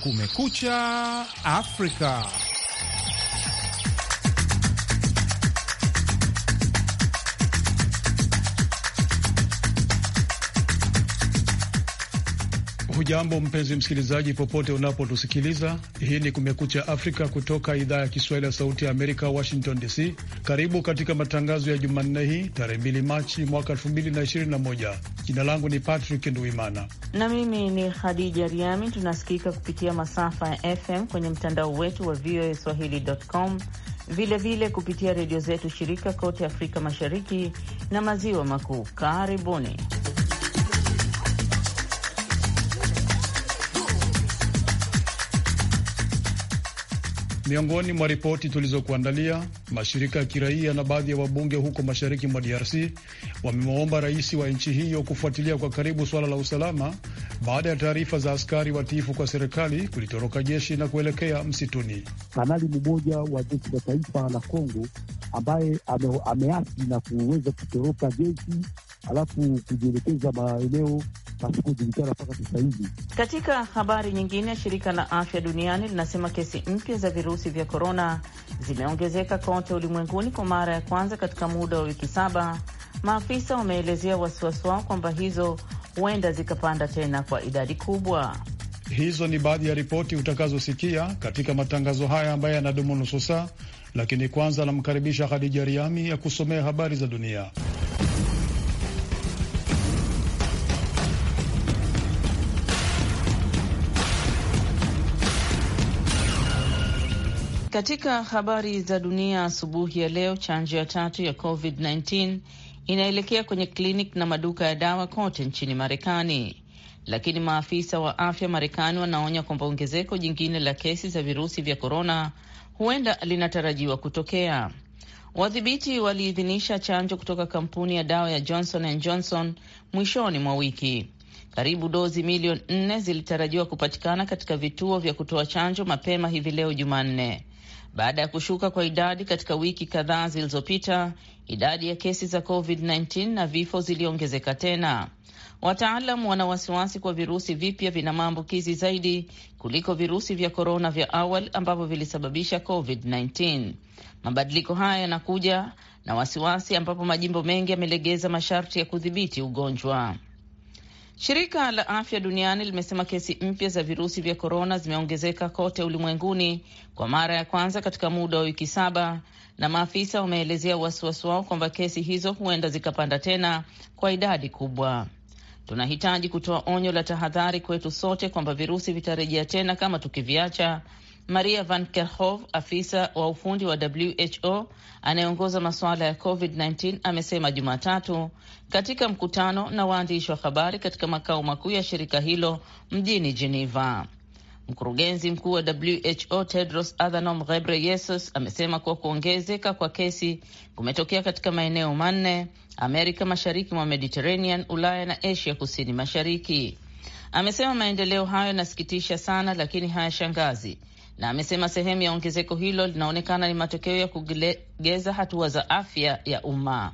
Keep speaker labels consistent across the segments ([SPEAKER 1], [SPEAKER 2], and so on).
[SPEAKER 1] Kumekucha Afrika. Hujambo mpenzi msikilizaji, popote unapotusikiliza. Hii ni Kumekucha Afrika kutoka idhaa ya Kiswahili ya Sauti ya Amerika, Washington DC. Karibu katika matangazo ya Jumanne hii tarehe 2 Machi mwaka 2021. Jina langu ni Patrick Nduimana
[SPEAKER 2] na mimi ni Khadija Riami. Tunasikika kupitia masafa ya FM kwenye mtandao wetu wa VOA swahili.com vilevile vile kupitia redio zetu shirika kote Afrika Mashariki na Maziwa Makuu. Karibuni.
[SPEAKER 1] Miongoni mwa ripoti tulizokuandalia, mashirika ya kiraia na baadhi ya wabunge huko mashariki mwa DRC wamemwomba rais wa nchi hiyo kufuatilia kwa karibu suala la usalama baada ya taarifa za askari watiifu kwa serikali kulitoroka jeshi na kuelekea msituni.
[SPEAKER 3] Kanali mmoja wa jeshi la taifa la Kongo ambaye ameasi na kuweza kutoroka jeshi alafu kujielekeza maeneo mpaka
[SPEAKER 2] sasa hivi. Katika habari nyingine, shirika la afya duniani linasema kesi mpya za virusi vya korona zimeongezeka kote ulimwenguni kwa mara ya kwanza katika muda wa wiki saba. Maafisa wameelezea wasiwasi wao kwamba hizo huenda zikapanda tena kwa idadi kubwa.
[SPEAKER 1] Hizo ni baadhi ya ripoti utakazosikia katika matangazo haya ambayo yanadumu nusu saa, lakini kwanza anamkaribisha Khadija Riami ya kusomea habari za dunia.
[SPEAKER 2] Katika habari za dunia asubuhi ya leo, chanjo ya tatu ya COVID-19 inaelekea kwenye kliniki na maduka ya dawa kote nchini Marekani, lakini maafisa wa afya Marekani wanaonya kwamba ongezeko jingine la kesi za virusi vya korona huenda linatarajiwa kutokea. Wadhibiti waliidhinisha chanjo kutoka kampuni ya dawa ya Johnson and Johnson mwishoni mwa wiki. Karibu dozi milioni nne zilitarajiwa kupatikana katika vituo vya kutoa chanjo mapema hivi leo Jumanne baada ya kushuka kwa idadi katika wiki kadhaa zilizopita. Idadi ya kesi za COVID-19 na vifo ziliongezeka tena. Wataalam wana wasiwasi kwa virusi vipya vina maambukizi zaidi kuliko virusi vya korona vya awali ambavyo vilisababisha COVID-19. Mabadiliko haya yanakuja na wasiwasi, ambapo majimbo mengi yamelegeza masharti ya kudhibiti ugonjwa. Shirika la Afya Duniani limesema kesi mpya za virusi vya korona zimeongezeka kote ulimwenguni kwa mara ya kwanza katika muda wa wiki saba, na maafisa wameelezea wasiwasi wao kwamba kesi hizo huenda zikapanda tena kwa idadi kubwa. Tunahitaji kutoa onyo la tahadhari kwetu sote kwamba virusi vitarejea tena kama tukiviacha, Maria Van Kerkhove, afisa wa ufundi wa WHO anayeongoza masuala ya COVID-19, amesema Jumatatu katika mkutano na waandishi wa habari katika makao makuu ya shirika hilo mjini Geneva. Mkurugenzi mkuu wa WHO Tedros Adhanom Ghebreyesus amesema kuwa kuongezeka kwa kesi kumetokea katika maeneo manne: Amerika Mashariki mwa Mediterranean, Ulaya na Asia Kusini Mashariki. Amesema maendeleo hayo yanasikitisha sana, lakini hayashangazi na amesema sehemu ya ongezeko hilo linaonekana ni matokeo ya kulegeza hatua za afya ya umma.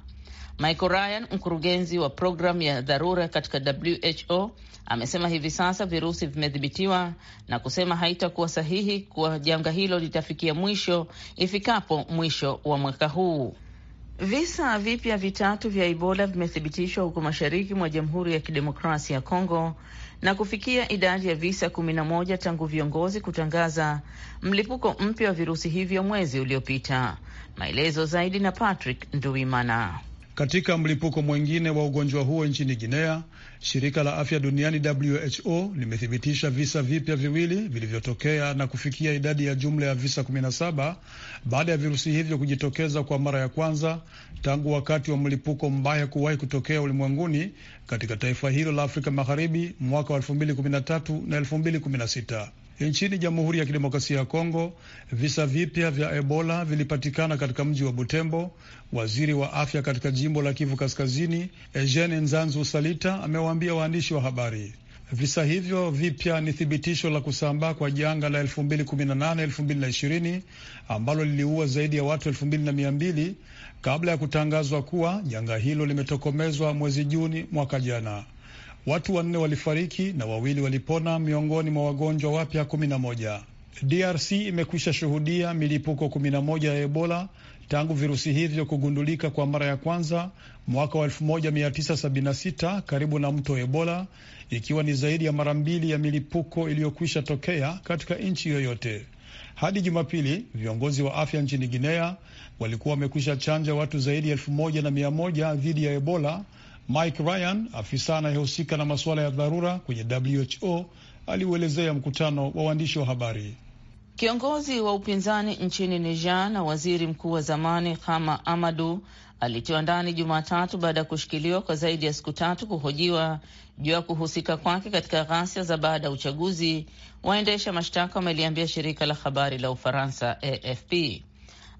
[SPEAKER 2] Michael Ryan, mkurugenzi wa programu ya dharura katika WHO, amesema hivi sasa virusi vimedhibitiwa na kusema haitakuwa sahihi kuwa janga hilo litafikia mwisho ifikapo mwisho wa mwaka huu. Visa vipya vitatu vya Ebola vimethibitishwa huko mashariki mwa Jamhuri ya Kidemokrasia ya Kongo na kufikia idadi ya visa 11 tangu viongozi kutangaza mlipuko mpya wa virusi hivyo mwezi uliopita. Maelezo zaidi na Patrick nduimana
[SPEAKER 1] katika mlipuko mwingine wa ugonjwa huo nchini Guinea, shirika la afya duniani WHO limethibitisha visa vipya viwili vilivyotokea na kufikia idadi ya jumla ya visa 17 baada ya virusi hivyo kujitokeza kwa mara ya kwanza tangu wakati wa mlipuko mbaya kuwahi kutokea ulimwenguni katika taifa hilo la Afrika Magharibi mwaka wa 2013 na 2016. Nchini Jamhuri ya Kidemokrasia ya Kongo, visa vipya vya Ebola vilipatikana katika mji wa Butembo. Waziri wa afya katika jimbo la Kivu Kaskazini, Eugene Nzanzu Salita, amewaambia waandishi wa habari visa hivyo vipya ni thibitisho la kusambaa kwa janga la 2018 2020 ambalo liliua zaidi ya watu 2200 kabla ya kutangazwa kuwa janga hilo limetokomezwa mwezi Juni mwaka jana. Watu wanne walifariki na wawili walipona miongoni mwa wagonjwa wapya kumi na moja. DRC imekwisha shuhudia milipuko kumi na moja ya Ebola tangu virusi hivyo kugundulika kwa mara ya kwanza mwaka wa 1976 karibu na mto Ebola, ikiwa ni zaidi ya mara mbili ya milipuko iliyokwisha tokea katika nchi yoyote. Hadi Jumapili, viongozi wa afya nchini Guinea walikuwa wamekwisha chanja watu zaidi ya elfu moja na mia moja dhidi ya Ebola Mike Ryan, afisa anayehusika na masuala ya dharura kwenye WHO, aliuelezea mkutano wa waandishi wa habari.
[SPEAKER 2] Kiongozi wa upinzani nchini Niger na waziri mkuu wa zamani Hama Amadu alitiwa ndani Jumatatu baada ya kushikiliwa kwa zaidi ya siku tatu kuhojiwa juu ya kuhusika kwake katika ghasia za baada ya uchaguzi, waendesha mashtaka wameliambia shirika la habari la Ufaransa AFP.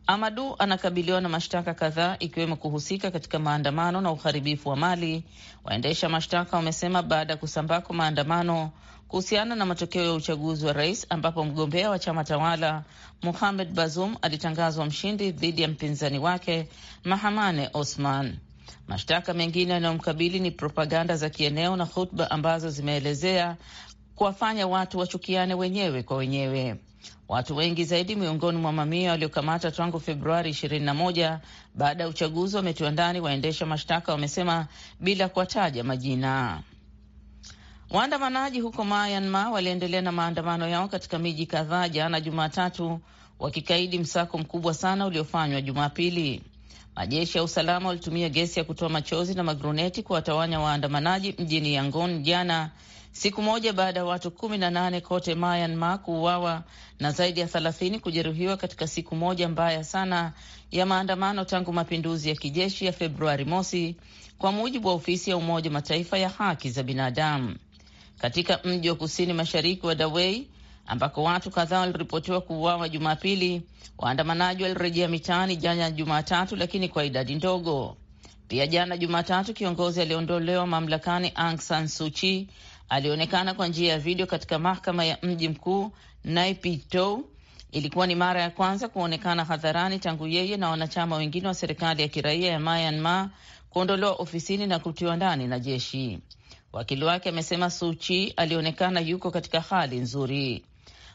[SPEAKER 2] Amadu anakabiliwa na mashtaka kadhaa ikiwemo kuhusika katika maandamano na uharibifu wa mali, waendesha mashtaka wamesema baada ya kusambako maandamano kuhusiana na matokeo ya uchaguzi wa rais ambapo mgombea wa chama tawala muhamed bazum alitangazwa mshindi dhidi ya mpinzani wake Mahamane Osman. Mashtaka mengine yanayomkabili ni propaganda za kieneo na hotuba ambazo zimeelezea kuwafanya watu wachukiane wenyewe kwa wenyewe. Watu wengi zaidi miongoni mwa mamia waliokamata tangu Februari 21 baada ya uchaguzi wametiwa ndani, waendesha mashtaka wamesema bila kuwataja majina. Waandamanaji huko Myanmar waliendelea na maandamano yao katika miji kadhaa jana Jumatatu, wakikaidi msako mkubwa sana uliofanywa Jumapili. Majeshi ya usalama walitumia gesi ya kutoa machozi na magruneti kuwatawanya waandamanaji mjini Yangon jana siku moja baada ya watu kumi na nane kote Myanmar kuuawa na zaidi ya thelathini kujeruhiwa katika siku moja mbaya sana ya maandamano tangu mapinduzi ya kijeshi ya Februari mosi, kwa mujibu wa ofisi ya Umoja Mataifa ya haki za binadamu. Katika mji wa kusini mashariki wa Dawei ambako watu kadhaa waliripotiwa kuuawa Jumapili, waandamanaji walirejea mitaani jana Jumatatu, lakini kwa idadi ndogo. Pia jana Jumatatu, kiongozi aliondolewa mamlakani Aung San Suu Kyi alionekana kwa njia ya video katika mahakama ya mji mkuu naipito Ilikuwa ni mara ya kwanza kuonekana hadharani tangu yeye na wanachama wengine wa serikali ya kiraia ya Myanmar kuondolewa ofisini na kutiwa ndani na jeshi. Wakili wake amesema Suchi alionekana yuko katika hali nzuri.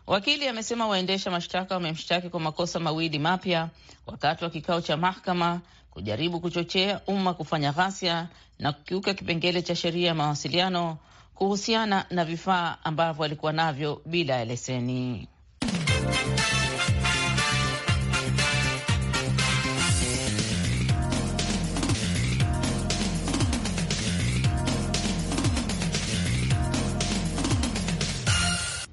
[SPEAKER 2] Wakili amesema waendesha mashtaka wamemshtaki kwa makosa mawili mapya wakati wa kikao cha mahakama: kujaribu kuchochea umma kufanya ghasia na kukiuka kipengele cha sheria ya mawasiliano kuhusiana na vifaa ambavyo alikuwa navyo bila ya leseni.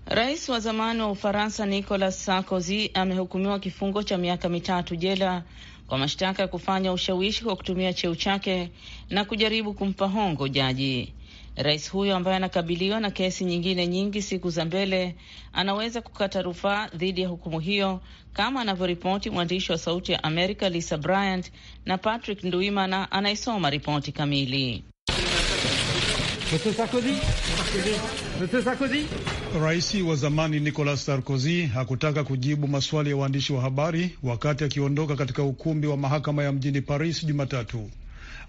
[SPEAKER 2] Rais wa zamani wa Ufaransa Nicolas Sarkozy amehukumiwa kifungo cha miaka mitatu jela kwa mashtaka ya kufanya ushawishi kwa kutumia cheo chake na kujaribu kumpa hongo jaji. Rais huyo ambaye anakabiliwa na kesi nyingine nyingi siku za mbele anaweza kukata rufaa dhidi ya hukumu hiyo, kama anavyoripoti mwandishi wa Sauti ya Amerika Lisa Bryant, na Patrick Nduimana anayesoma ripoti kamili.
[SPEAKER 1] Rais wa zamani Nicolas Sarkozy hakutaka kujibu maswali ya waandishi wa habari wakati akiondoka katika ukumbi wa mahakama ya mjini Paris Jumatatu.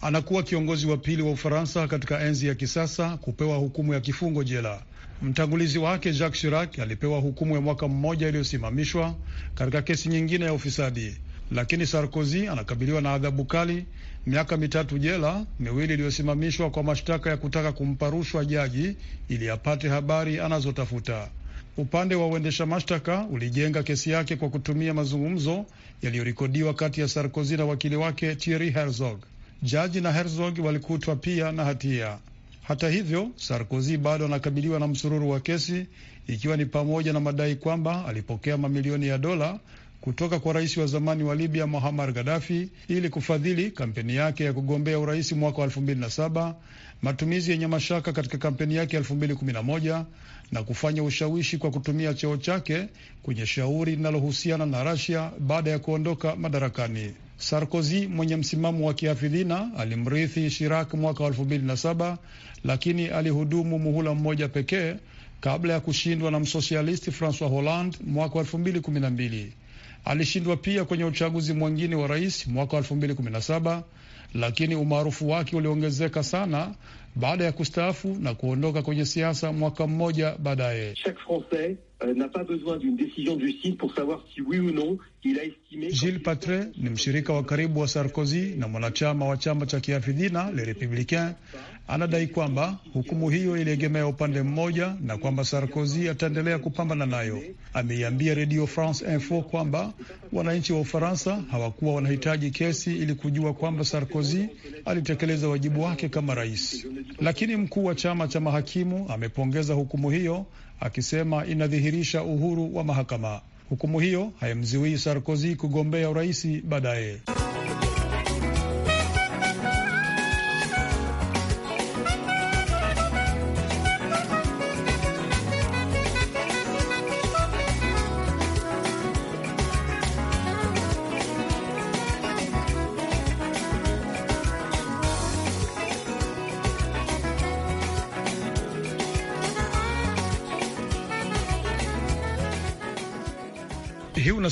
[SPEAKER 1] Anakuwa kiongozi wa pili wa Ufaransa katika enzi ya kisasa kupewa hukumu ya kifungo jela. Mtangulizi wake Jacques Chirac alipewa hukumu ya mwaka mmoja iliyosimamishwa katika kesi nyingine ya ufisadi, lakini Sarkozy anakabiliwa na adhabu kali, miaka mitatu jela, miwili iliyosimamishwa kwa mashtaka ya kutaka kumpa rushwa jaji ili apate habari anazotafuta. Upande wa uendesha mashtaka ulijenga kesi yake kwa kutumia mazungumzo yaliyorekodiwa kati ya Sarkozy na wakili wake Thierry Herzog. Jaji na Herzog walikutwa pia na hatia. Hata hivyo, Sarkozy bado anakabiliwa na msururu wa kesi, ikiwa ni pamoja na madai kwamba alipokea mamilioni ya dola kutoka kwa rais wa zamani wa Libya Muammar Gaddafi ili kufadhili kampeni yake ya kugombea urais mwaka 2007, matumizi yenye mashaka katika kampeni yake 2011 na kufanya ushawishi kwa kutumia cheo chake kwenye shauri linalohusiana na Russia baada ya kuondoka madarakani. Sarkozy mwenye msimamo wa kiafidhina alimrithi Shirak mwaka wa elfu mbili na saba lakini alihudumu muhula mmoja pekee kabla ya kushindwa na msosialisti Francois Hollande mwaka wa elfu mbili kumi na mbili. Alishindwa pia kwenye uchaguzi mwingine wa rais mwaka wa elfu mbili kumi na saba lakini umaarufu wake uliongezeka sana baada ya kustaafu na kuondoka kwenye siasa mwaka mmoja baadaye. Euh, n'a pas besoin d'une décision du CID pour savoir si oui ou non il a estimé. Gilles Patre ni mshirika wa karibu wa Sarkozy na mwanachama wa chama cha kiafidhina Le Republicain anadai kwamba hukumu hiyo iliegemea upande mmoja na kwamba Sarkozy ataendelea kupambana nayo. Ameiambia Radio France Info kwamba wananchi wa Ufaransa hawakuwa wanahitaji kesi ili kujua kwamba Sarkozy alitekeleza wajibu wake kama rais. Lakini mkuu wa chama cha mahakimu amepongeza hukumu hiyo akisema inadhihirisha uhuru wa mahakama. Hukumu hiyo haimziwii Sarkozy kugombea uraisi baadaye.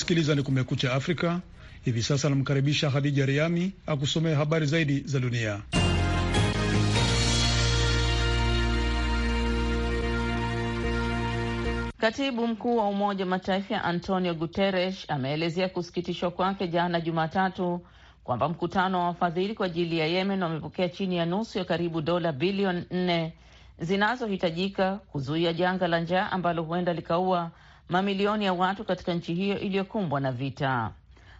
[SPEAKER 1] Unasikiliza ni Kumekucha Afrika. Hivi sasa anamkaribisha Hadija Riami akusomea habari zaidi za dunia.
[SPEAKER 2] Katibu mkuu wa Umoja wa Mataifa Antonio Guterres ameelezea kusikitishwa kwake jana Jumatatu kwamba mkutano wa wafadhili kwa ajili ya Yemen wamepokea chini ya nusu ya karibu dola bilioni nne zinazohitajika kuzuia janga la njaa ambalo huenda likaua mamilioni ya watu katika nchi hiyo iliyokumbwa na vita.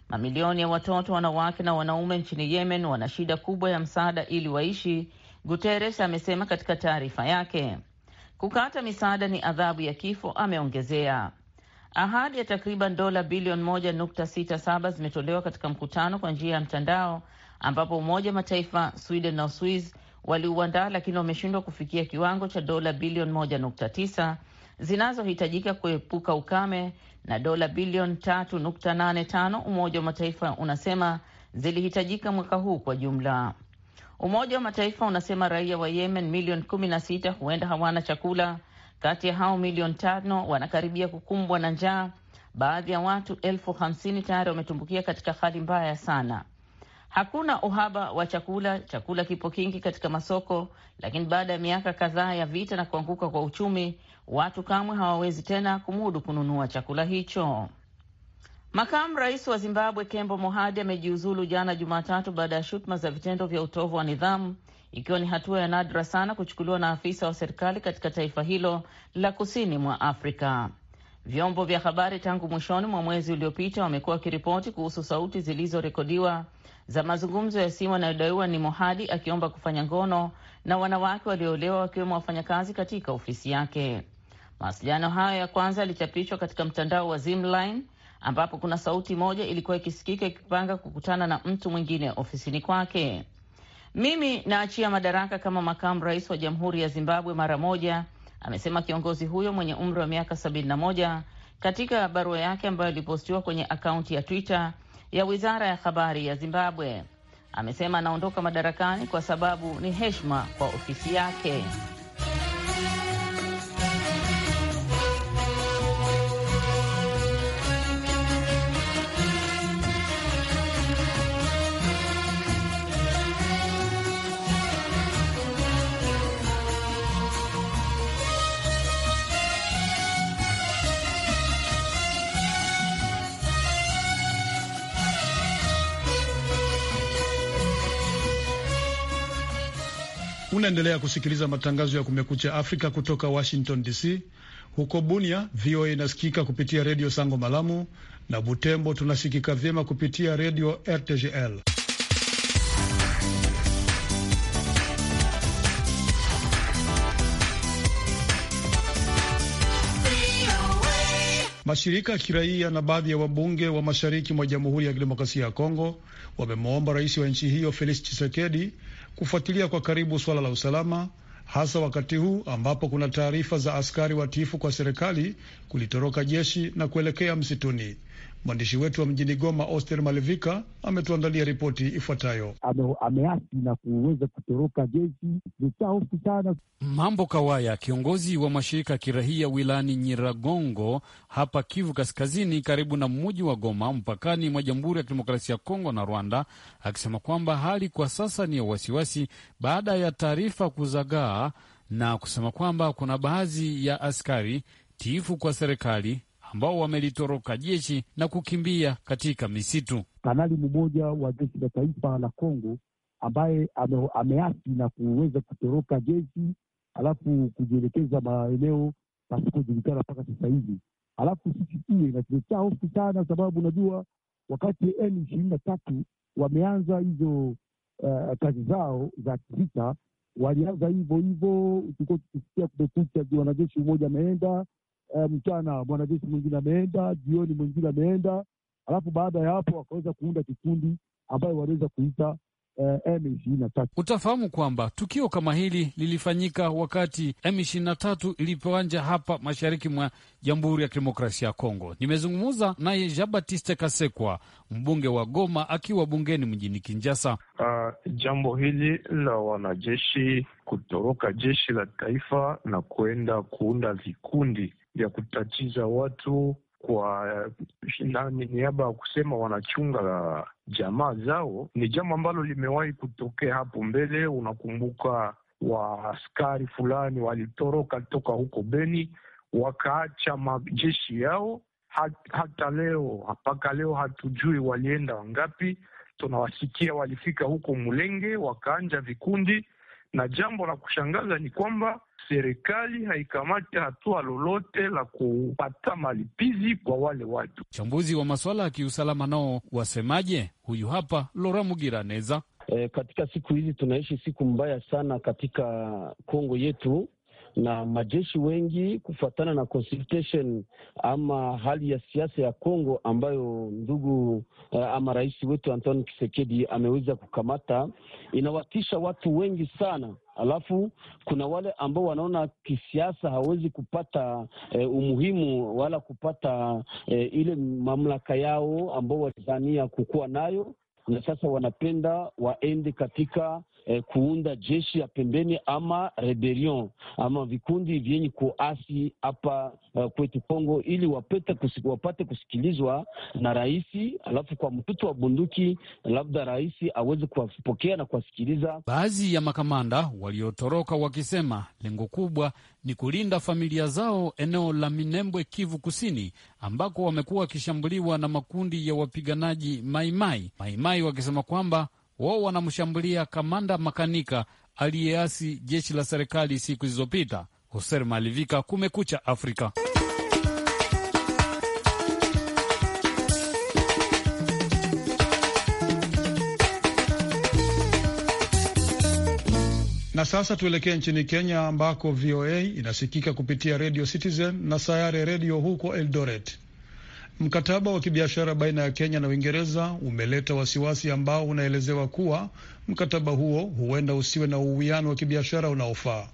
[SPEAKER 2] Mamilioni ya watoto, wanawake na wanaume nchini Yemen wana shida kubwa ya msaada ili waishi, Guterres amesema katika taarifa yake. Kukata misaada ni adhabu ya kifo, ameongezea. Ahadi ya takriban dola bilioni moja nukta sita saba zimetolewa katika mkutano kwa njia ya mtandao ambapo Umoja Mataifa, Sweden na Uswiz waliuandaa, lakini wameshindwa kufikia kiwango cha dola bilioni moja nukta tisa zinazohitajika kuepuka ukame na dola bilioni 3.85 Umoja wa Mataifa unasema zilihitajika mwaka huu kwa jumla. Umoja wa Mataifa unasema raia wa Yemen milioni 16 huenda hawana chakula. Kati ya hao milioni tano wanakaribia kukumbwa na njaa. Baadhi ya watu elfu hamsini tayari wametumbukia katika hali mbaya sana. Hakuna uhaba wa chakula, chakula kipo kingi katika masoko, lakini baada ya miaka kadhaa ya vita na kuanguka kwa uchumi, watu kamwe hawawezi tena kumudu kununua chakula hicho. Makamu rais wa Zimbabwe Kembo Mohadi amejiuzulu jana Jumatatu baada ya shutuma za vitendo vya utovu wa nidhamu, ikiwa ni hatua ya nadra sana kuchukuliwa na afisa wa serikali katika taifa hilo la kusini mwa Afrika. Vyombo vya habari tangu mwishoni mwa mwezi uliopita wamekuwa wakiripoti kuhusu sauti zilizorekodiwa za mazungumzo ya simu anayodaiwa ni Mohadi akiomba kufanya ngono na wanawake walioolewa wakiwemo wafanyakazi katika ofisi yake. Mawasiliano hayo ya kwanza yalichapishwa katika mtandao wa Zimline ambapo kuna sauti moja ilikuwa ikisikika ikipanga kukutana na mtu mwingine ofisini kwake. Mimi naachia madaraka kama makamu rais wa jamhuri ya Zimbabwe mara moja, amesema kiongozi huyo mwenye umri wa miaka 71 katika barua yake ambayo ilipostiwa kwenye akaunti ya Twitter ya wizara ya habari ya Zimbabwe. Amesema anaondoka madarakani kwa sababu ni heshima kwa ofisi yake.
[SPEAKER 1] Unaendelea kusikiliza matangazo ya Kumekucha Afrika kutoka Washington DC. Huko Bunia, VOA inasikika kupitia redio Sango Malamu na Butembo tunasikika vyema kupitia redio RTGL. Mashirika ya kiraia na baadhi ya wabunge wa mashariki mwa Jamhuri ya Kidemokrasia ya Kongo wamemwomba rais wa nchi hiyo Felix chisekedi kufuatilia kwa karibu suala la usalama, hasa wakati huu ambapo kuna taarifa za askari watiifu kwa serikali kulitoroka jeshi na kuelekea msituni. Mwandishi wetu wa mjini Goma, Oster Malevika, ametuandalia ripoti ifuatayo. Ame, ameasi na
[SPEAKER 3] kuweza kutoroka jeshi hofu sana.
[SPEAKER 4] Mambo Kawaya, kiongozi wa mashirika ya kirahia wilayani Nyiragongo hapa Kivu Kaskazini, karibu na mji wa Goma, mpakani mwa Jamhuri ya Kidemokrasia ya Kongo na Rwanda, akisema kwamba hali kwa sasa ni ya wasiwasi baada ya taarifa kuzagaa na kusema kwamba kuna baadhi ya askari tiifu kwa serikali ambao wamelitoroka jeshi na kukimbia katika misitu.
[SPEAKER 3] Kanali mmoja wa jeshi la taifa la Kongo ambaye ame, ameasi na kuweza kutoroka jeshi alafu kujielekeza maeneo pasipojulikana mpaka sasa hivi. Alafu sisi pia inatuletea hofu sana, sababu unajua wakati M ishirini na tatu wameanza hizo uh, kazi zao za kivita, walianza hivyo hivyo, tulikuwa tukisikia kumekucha, wanajeshi umoja ameenda eh, mchana mwanajeshi mwingine ameenda, jioni mwingine ameenda, alafu baada ya hapo wakaweza kuunda kikundi ambayo waliweza kuita eh, M23.
[SPEAKER 4] Utafahamu kwamba tukio kama hili lilifanyika wakati M23 ilipoanja hapa mashariki mwa Jamhuri ya Kidemokrasia ya Kongo. Nimezungumza naye Jean Baptiste Kasekwa, mbunge wa Goma, akiwa bungeni mjini Kinjasa. Uh, ah, jambo hili la wanajeshi kutoroka jeshi la taifa na kuenda kuunda
[SPEAKER 3] vikundi ya kutatiza watu kwa niaba ya kusema wanachunga jamaa zao, ni jambo ambalo limewahi kutokea hapo mbele. Unakumbuka waaskari fulani walitoroka toka huko Beni wakaacha majeshi yao, hata leo mpaka leo hatujui walienda wangapi. Tunawasikia walifika huko Mulenge wakaanja vikundi, na jambo la kushangaza ni kwamba serikali haikamati
[SPEAKER 4] hatua lolote la kupata malipizi kwa wale watu. Wachambuzi wa masuala ya kiusalama nao wasemaje? Huyu hapa Lora Mugiraneza. E, katika siku hizi
[SPEAKER 3] tunaishi siku mbaya sana katika Kongo yetu na majeshi wengi kufuatana na consultation ama hali ya siasa ya Kongo ambayo ndugu uh, ama rais wetu Antoine Kisekedi ameweza kukamata, inawatisha watu wengi sana. Alafu kuna wale ambao wanaona kisiasa hawezi kupata e, umuhimu wala kupata e, ile mamlaka yao ambao walidhania kukuwa nayo, na sasa wanapenda waende katika eh, kuunda jeshi ya pembeni ama rebelion ama vikundi vyenye kuasi hapa uh, kwetu Kongo, ili wapete kusik, wapate kusikilizwa na rais,
[SPEAKER 4] alafu kwa mtutu wa bunduki labda rais aweze kuwapokea na kuwasikiliza. Baadhi ya makamanda waliotoroka wakisema lengo kubwa ni kulinda familia zao eneo la Minembwe, Kivu Kusini, ambako wamekuwa wakishambuliwa na makundi ya wapiganaji Maimai Maimai, wakisema kwamba wao wanamshambulia kamanda Makanika aliyeasi jeshi la serikali siku zilizopita. Hoser Malivika, Kumekucha Afrika.
[SPEAKER 1] Na sasa tuelekee nchini Kenya ambako VOA inasikika kupitia Radio Citizen na Sayare Redio huko Eldoret. Mkataba wa kibiashara baina ya Kenya na Uingereza umeleta wasiwasi ambao unaelezewa kuwa mkataba huo huenda usiwe na uwiano wa kibiashara unaofaa.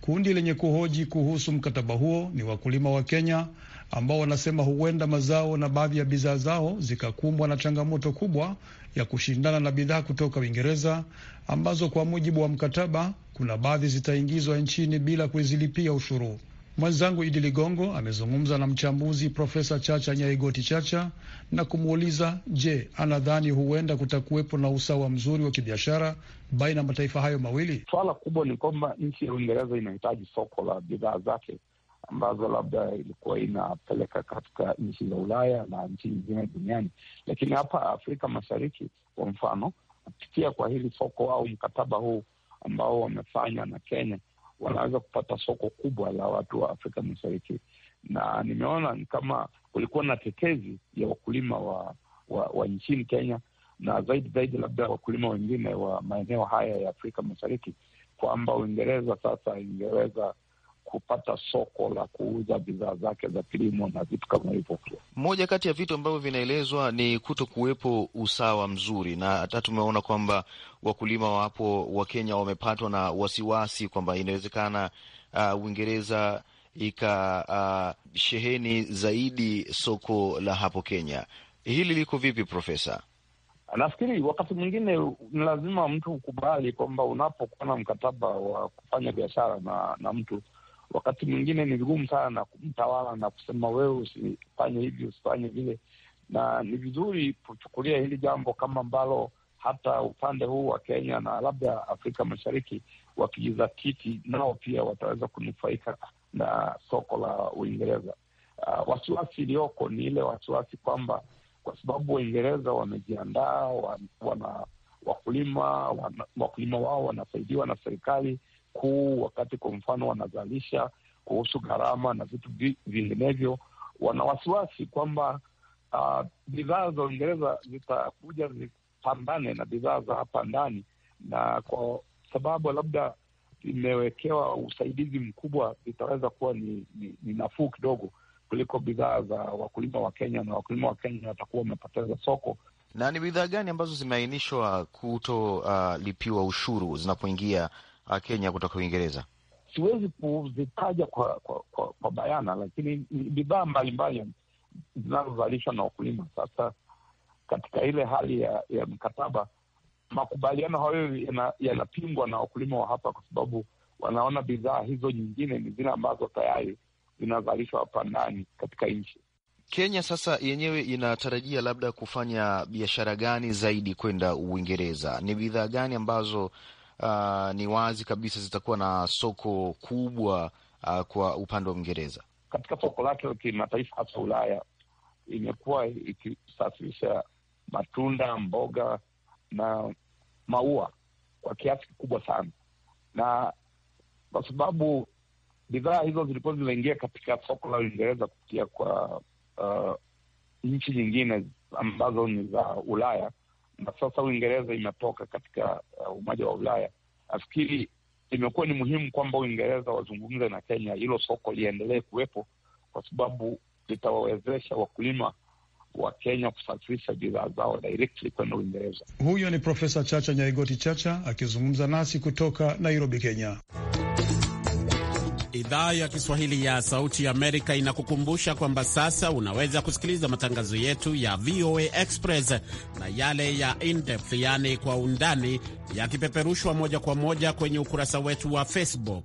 [SPEAKER 1] Kundi lenye kuhoji kuhusu mkataba huo ni wakulima wa Kenya ambao wanasema huenda mazao na baadhi ya bidhaa zao zikakumbwa na changamoto kubwa ya kushindana na bidhaa kutoka Uingereza ambazo kwa mujibu wa mkataba kuna baadhi zitaingizwa nchini bila kuzilipia ushuru. Mwenzangu Idi Ligongo amezungumza na mchambuzi Profesa Chacha Nyaigoti Chacha na kumuuliza, je, anadhani huenda kutakuwepo na usawa mzuri wa kibiashara baina ya
[SPEAKER 3] mataifa hayo mawili? Swala kubwa ni kwamba nchi ya Uingereza inahitaji soko la bidhaa zake ambazo labda ilikuwa inapeleka katika nchi za Ulaya na nchi nyingine duniani, lakini hapa Afrika Mashariki kwa mfano, kupitia kwa hili soko au mkataba huu ambao wamefanya na Kenya wanaanza kupata soko kubwa la watu wa Afrika Mashariki, na nimeona ni kama kulikuwa na tetezi ya wakulima wa, wa, wa nchini Kenya na zaidi zaidi labda wakulima wengine wa maeneo haya ya Afrika Mashariki kwamba Uingereza sasa ingeweza kupata soko la kuuza bidhaa zake za kilimo na vitu kama hivyo.
[SPEAKER 5] Moja kati ya vitu ambavyo vinaelezwa ni kuto kuwepo usawa mzuri, na hata tumeona kwamba wakulima wapo wa Kenya wamepatwa na wasiwasi kwamba inawezekana uh, Uingereza ika uh, sheheni zaidi soko la hapo Kenya. Hili liko vipi, Profesa?
[SPEAKER 3] Nafikiri wakati mwingine ni lazima mtu ukubali kwamba unapokuwa na mkataba wa kufanya biashara na na mtu Wakati mwingine ni vigumu sana na kumtawala na kusema wewe usifanye hivi usifanye vile, na ni vizuri kuchukulia hili jambo kama ambalo hata upande huu wa Kenya na labda Afrika Mashariki wakijizatiti nao pia wataweza kunufaika na soko la Uingereza. Uh, wasiwasi iliyoko ni ile wasiwasi kwamba kwa sababu Waingereza wamejiandaa, wana wakulima wana, wakulima wao wanasaidiwa na serikali kuu, wakati kwa mfano wanazalisha kuhusu gharama na vitu vinginevyo, wana wasiwasi kwamba ah, bidhaa za Uingereza zitakuja zipambane na bidhaa za hapa ndani, na kwa sababu labda imewekewa usaidizi mkubwa zitaweza kuwa ni, ni, ni nafuu kidogo kuliko bidhaa za wakulima wa Kenya, na wakulima wa Kenya watakuwa wamepoteza soko.
[SPEAKER 5] Na ni bidhaa gani ambazo zimeainishwa kutolipiwa ah, uh, ushuru zinapoingia Uh, Kenya kutoka Uingereza?
[SPEAKER 3] Siwezi kuzitaja kwa, kwa, kwa, kwa bayana, lakini bidhaa mbalimbali zinazozalishwa na wakulima. Sasa katika ile hali ya, ya mkataba, makubaliano hayo yanapingwa na wakulima wa hapa, kwa sababu wanaona bidhaa hizo nyingine ni zile ambazo tayari zinazalishwa hapa ndani katika nchi.
[SPEAKER 5] Kenya sasa yenyewe inatarajia labda kufanya biashara gani zaidi kwenda Uingereza? Ni bidhaa gani ambazo uh, ni wazi kabisa zitakuwa na soko kubwa uh, kwa upande wa Uingereza
[SPEAKER 3] katika soko lake la kimataifa, hasa Ulaya imekuwa ikisafirisha matunda, mboga na maua kwa kiasi kikubwa sana, na kwa sababu bidhaa hizo zilikuwa zinaingia katika soko la Uingereza kupitia kwa uh, nchi nyingine ambazo ni za Ulaya, na sasa Uingereza imetoka katika uh, umoja wa Ulaya. Nafikiri imekuwa ni muhimu kwamba Uingereza wazungumze na Kenya, hilo soko liendelee kuwepo, kwa sababu litawawezesha wakulima wa Kenya kusafirisha bidhaa zao directly kwenda Uingereza.
[SPEAKER 1] Huyo ni Profesa Chacha Nyaigoti Chacha akizungumza nasi kutoka Nairobi, Kenya.
[SPEAKER 4] Idhaa ya Kiswahili ya Sauti ya Amerika inakukumbusha kwamba sasa unaweza kusikiliza matangazo yetu ya VOA Express na yale ya in-depth, yaani kwa undani, yakipeperushwa moja kwa moja kwenye ukurasa wetu wa Facebook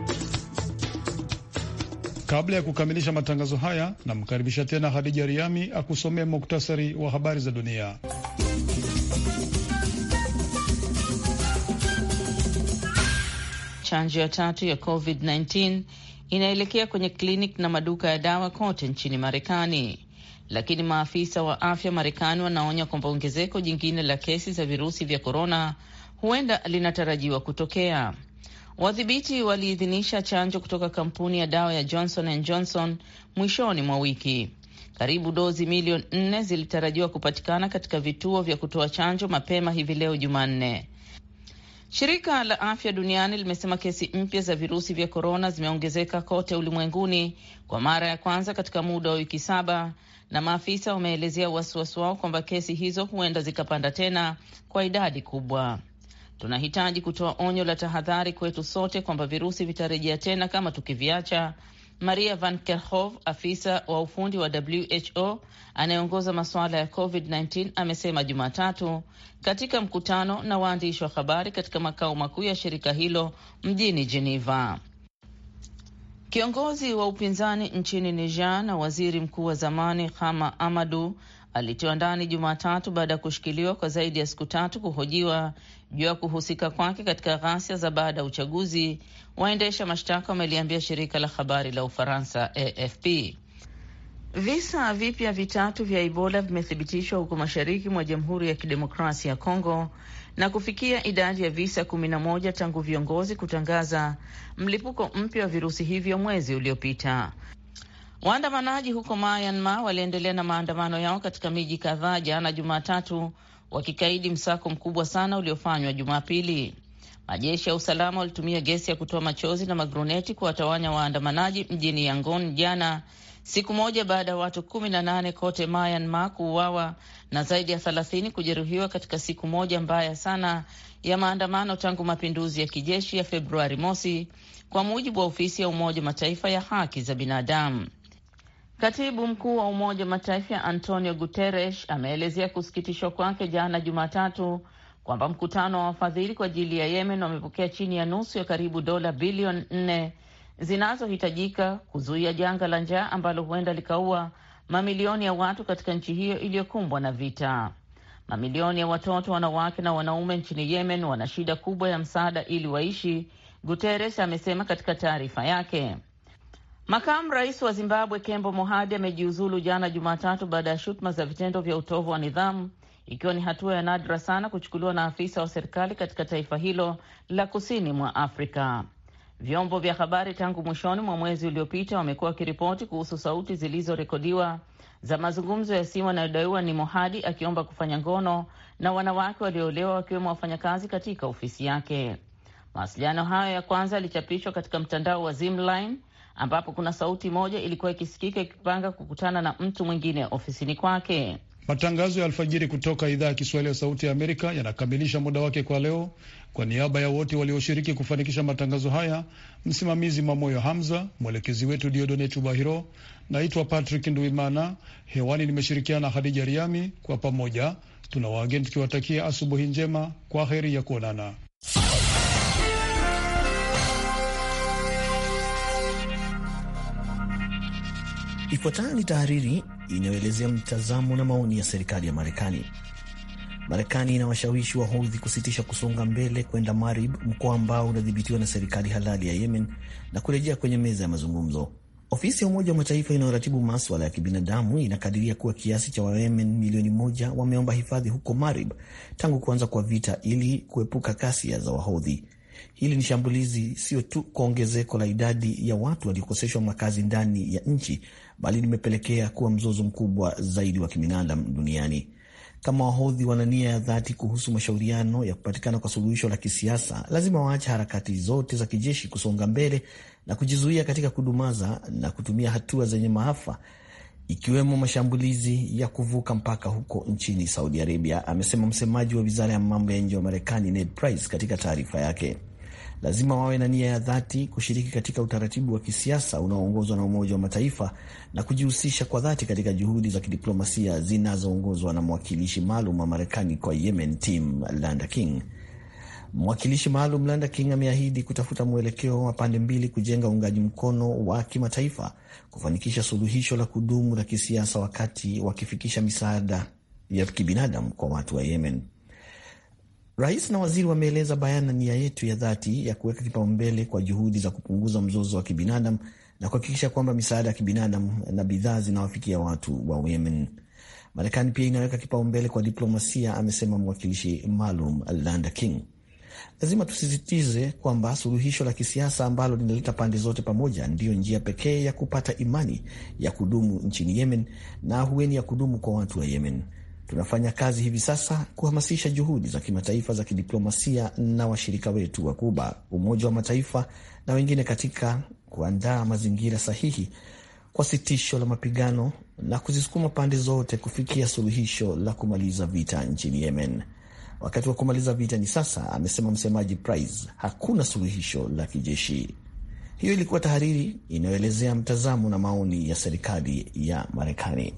[SPEAKER 1] Kabla ya kukamilisha matangazo haya, namkaribisha tena hadija Riami akusomea muktasari wa habari za dunia.
[SPEAKER 2] Chanjo ya tatu ya COVID-19 inaelekea kwenye kliniki na maduka ya dawa kote nchini Marekani, lakini maafisa wa afya Marekani wanaonya kwamba ongezeko jingine la kesi za virusi vya korona huenda linatarajiwa kutokea. Wadhibiti waliidhinisha chanjo kutoka kampuni ya dawa ya Johnson and Johnson mwishoni mwa wiki. Karibu dozi milioni nne zilitarajiwa kupatikana katika vituo vya kutoa chanjo mapema hivi leo Jumanne. Shirika la Afya Duniani limesema kesi mpya za virusi vya korona zimeongezeka kote ulimwenguni kwa mara ya kwanza katika muda wa wiki saba, na maafisa wameelezea wasiwasi wao kwamba kesi hizo huenda zikapanda tena kwa idadi kubwa. Tunahitaji kutoa onyo la tahadhari kwetu sote kwamba virusi vitarejea tena kama tukiviacha. Maria Van Kerkhove, afisa wa ufundi wa WHO anayeongoza masuala ya COVID-19, amesema Jumatatu katika mkutano na waandishi wa habari katika makao makuu ya shirika hilo mjini Geneva. Kiongozi wa upinzani nchini Niger na waziri mkuu wa zamani Hama Amadu alitiwa ndani Jumatatu baada ya kushikiliwa kwa zaidi ya siku tatu kuhojiwa juu ya kuhusika kwake katika ghasia za baada ya uchaguzi. Waendesha mashtaka wameliambia shirika la habari la Ufaransa AFP. Visa vipya vitatu vya Ebola vimethibitishwa huko mashariki mwa Jamhuri ya Kidemokrasia ya Kongo na kufikia idadi ya visa 11 tangu viongozi kutangaza mlipuko mpya wa virusi hivyo mwezi uliopita. Waandamanaji huko Myanmar waliendelea na maandamano yao katika miji kadhaa jana Jumatatu wakikaidi msako mkubwa sana uliofanywa Jumapili. Majeshi ya usalama walitumia gesi ya kutoa machozi na magroneti kuwatawanya waandamanaji mjini Yangon jana, siku moja baada ya watu kumi na nane kote Myanmar kuuawa na zaidi ya thelathini kujeruhiwa katika siku moja mbaya sana ya maandamano tangu mapinduzi ya kijeshi ya Februari mosi, kwa mujibu wa ofisi ya Umoja Mataifa ya haki za binadamu. Katibu mkuu wa Umoja wa Mataifa Antonio Guterres ameelezea kusikitishwa kwake jana Jumatatu kwamba mkutano wa wafadhili kwa ajili ya Yemen wamepokea chini ya nusu ya karibu dola bilioni nne zinazohitajika kuzuia janga la njaa ambalo huenda likaua mamilioni ya watu katika nchi hiyo iliyokumbwa na vita. Mamilioni ya watoto, wanawake na wanaume nchini Yemen wana shida kubwa ya msaada ili waishi, Guterres amesema katika taarifa yake. Makamu rais wa Zimbabwe Kembo Mohadi amejiuzulu jana Jumatatu baada ya shutuma za vitendo vya utovu wa nidhamu, ikiwa ni hatua ya nadra sana kuchukuliwa na afisa wa serikali katika taifa hilo la kusini mwa Afrika. Vyombo vya habari tangu mwishoni mwa mwezi uliopita wamekuwa wakiripoti kuhusu sauti zilizorekodiwa za mazungumzo ya simu yanayodaiwa ni Mohadi akiomba kufanya ngono na wanawake walioolewa wakiwemo wafanyakazi katika ofisi yake. Mawasiliano hayo ya kwanza yalichapishwa katika mtandao wa Zimline ambapo kuna sauti moja ilikuwa ikisikika ikipanga kukutana na mtu mwingine ofisini kwake.
[SPEAKER 1] Matangazo ya alfajiri kutoka idhaa ya Kiswahili ya Sauti ya Amerika yanakamilisha muda wake kwa leo. Kwa niaba ya wote walioshiriki kufanikisha matangazo haya, msimamizi Mamoyo Hamza, mwelekezi wetu Diodone Chubahiro, naitwa Patrick Nduimana. Hewani nimeshirikiana na Hadija Riami. Kwa pamoja tuna wageni tukiwatakia asubuhi njema, kwa heri ya kuonana.
[SPEAKER 5] Ifuatayo ni tahariri inayoelezea mtazamo na maoni ya serikali ya Marekani. Marekani inawashawishi Wahodhi kusitisha kusonga mbele kwenda Marib, mkoa ambao unadhibitiwa na serikali halali ya Yemen, na kurejea kwenye meza ya mazungumzo. Ofisi ya Umoja wa Mataifa inayoratibu maswala ya kibinadamu inakadiria kuwa kiasi cha Wayemen milioni moja wameomba hifadhi huko Marib tangu kuanza kwa vita ili kuepuka ghasia za Wahodhi. Hili ni shambulizi sio tu kwa ongezeko la idadi ya watu waliokoseshwa makazi ndani ya nchi, bali limepelekea kuwa mzozo mkubwa zaidi wa kibinadamu duniani. Kama wahodhi wana nia ya dhati kuhusu mashauriano ya kupatikana kwa suluhisho la kisiasa, lazima waache harakati zote za kijeshi kusonga mbele na kujizuia katika kudumaza na kutumia hatua zenye maafa, ikiwemo mashambulizi ya kuvuka mpaka huko nchini Saudi Arabia, amesema msemaji wa wizara ya mambo ya nje wa Marekani Ned Price katika taarifa yake lazima wawe na nia ya dhati kushiriki katika utaratibu wa kisiasa unaoongozwa na Umoja wa Mataifa na kujihusisha kwa dhati katika juhudi za kidiplomasia zinazoongozwa na mwakilishi maalum wa Marekani kwa Yemen, Tim Landa King. Mwakilishi maalum Landa King ameahidi kutafuta mwelekeo wa pande mbili, kujenga uungaji mkono wa kimataifa kufanikisha suluhisho la kudumu la kisiasa, wakati wakifikisha misaada ya kibinadamu kwa watu wa Yemen. Rais na waziri wameeleza bayana nia yetu ya dhati ya kuweka kipaumbele kwa juhudi za kupunguza mzozo wa kibinadamu na kuhakikisha kwamba misaada ya kibinadamu na bidhaa zinawafikia watu wa Yemen. Marekani pia inaweka kipaumbele kwa diplomasia, amesema mwakilishi maalum Landa King. Lazima tusisitize kwamba suluhisho la kisiasa ambalo linaleta pande zote pamoja ndiyo njia pekee ya kupata imani ya kudumu nchini Yemen na ahueni ya kudumu kwa watu wa Yemen. Tunafanya kazi hivi sasa kuhamasisha juhudi za kimataifa za kidiplomasia na washirika wetu wa Kuba, Umoja wa Mataifa na wengine katika kuandaa mazingira sahihi kwa sitisho la mapigano na kuzisukuma pande zote kufikia suluhisho la kumaliza vita nchini Yemen. Wakati wa kumaliza vita ni sasa, amesema msemaji Price. Hakuna suluhisho la kijeshi. Hiyo ilikuwa tahariri inayoelezea mtazamo na maoni ya serikali ya Marekani.